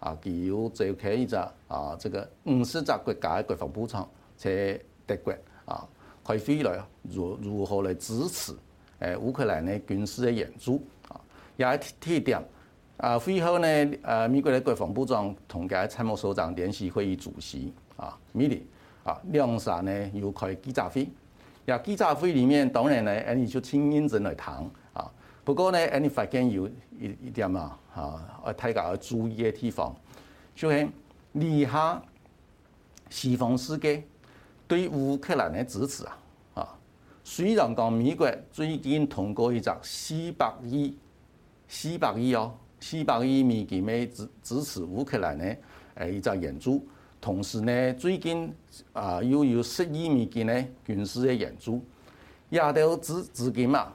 啊，佢要借起只啊，這個五十十個國家嘅國防部長在德國啊開會嚟，如如何來支持誒烏克蘭嘅軍事嘅援助啊？也提點啊，會後呢，呃美國嘅國防部長同佢嘅參謀首長聯席會議主席啊，米利啊，兩者呢又開記者會，也記者會裏面當然呢，誒你就親親子來談啊。不過呢，你發現有一一點啊，嚇！大家要注意的地方，就係以下西方世界對烏克蘭的支持啊，啊！雖然講美國最近通過一隻四百億、四百億哦、四百億美金嘅支支持烏克蘭咧，誒一隻援助，同時呢，最近啊又有十億美金咧軍事嘅援助，也有資資金啊。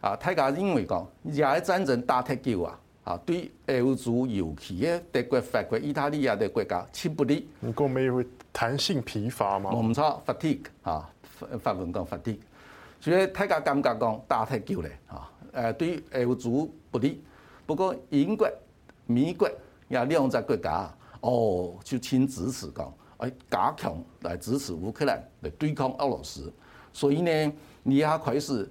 啊！大家認為講烏俄戰爭打太久啊，啊對歐洲尤其嘅德國、法國、意大利啊啲國家七不利。你講咩會彈性疲乏嗎？冇錯，fatigue 啊，法文講 fatigue。所以大家感覺講打太久咧，啊誒對歐洲不利。不過英國、美國也兩隻國家哦，就請支持講，誒加強來支持烏克蘭來對抗俄羅斯。所以呢，你也開始。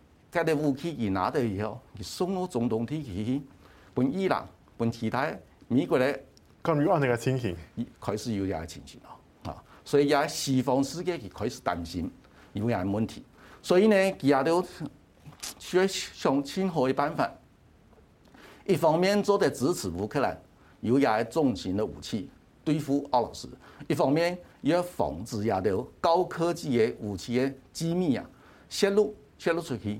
即個武器伊拿到以後，伊送到中東地區去分伊朗、分其他美國咧，咁要安定情形，伊開始有啲嘅情形咯，啊，所以也西方世界佢開始擔心有的問題。所以呢伊也都想想兩何嘅辦法。一方面做啲支持烏克蘭有啲重型的武器對付俄羅斯；一方面要防止有啲高科技的武器嘅機密啊泄露、泄露出去。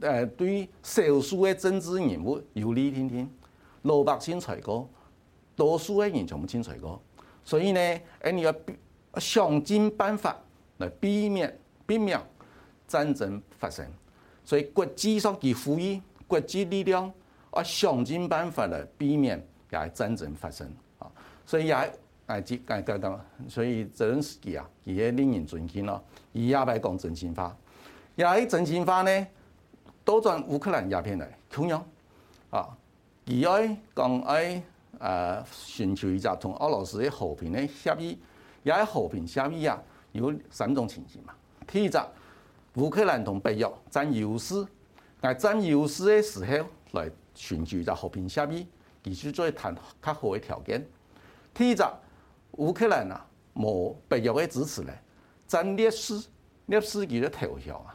呃、對於少數嘅政治人物有利，聽聽老百姓財哥，多數嘅人全部清財哥，所以呢，咧，你要想盡辦法來避免避免，避免戰爭發生。所以國際上嘅互依、國際力量，啊，想盡辦法嚟避免也戰爭發生。啊、哎哎哎哎，所以也誒即解誒誒，所以澤倫斯基啊，伊令人尊敬咯。伊也係講真心話，花，而係真心話咧。都賺烏克蘭鴉片嚟，窮養啊，而愛講愛啊，尋求一個同俄羅斯嘅和平嘅協議，也係和平協議啊，有三種情形嘛。第一隻，烏克蘭同北約佔優勢，喺佔優勢嘅時候嚟尋求一個和平協議，繼續再談較好嘅條件。第二隻，烏克蘭啊冇北約嘅支持咧，佔劣勢，劣勢佢就投降啊。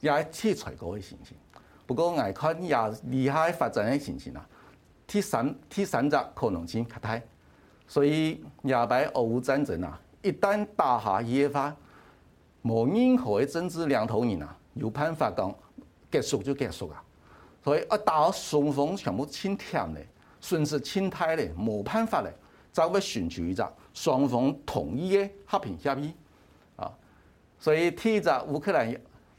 也係制高嗰個情形，不過眼看也厲害的發展嘅情形啦。第三第三隻可能性較大。所以也擺俄烏戰爭啊！一旦打下野翻，冇任何嘅政治領頭人啊，有辦法講結束就結束啊！所以一打雙方全部清田咧，順勢清退咧，冇辦法咧，就會選取一隻雙方同意嘅和平協議啊！所以第一隻烏克蘭。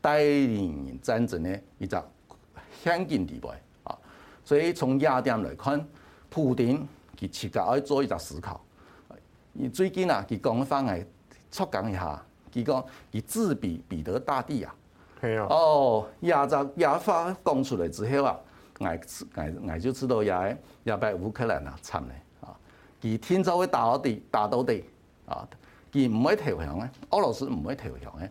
帶領戰爭的一個關鍵地位啊！所以從雅典來看，普京佢自己可以做一隻思考。最近啊，佢講方來促緊一下，佢講佢自比彼得大帝啊。係啊！哦，亞洲亞發講出來之後啊，外外外就知道亞也敗烏克蘭啊慘咧啊！佢天朝嘅大奧地大奧地啊，佢唔會投降嘅，俄羅斯唔會投降嘅。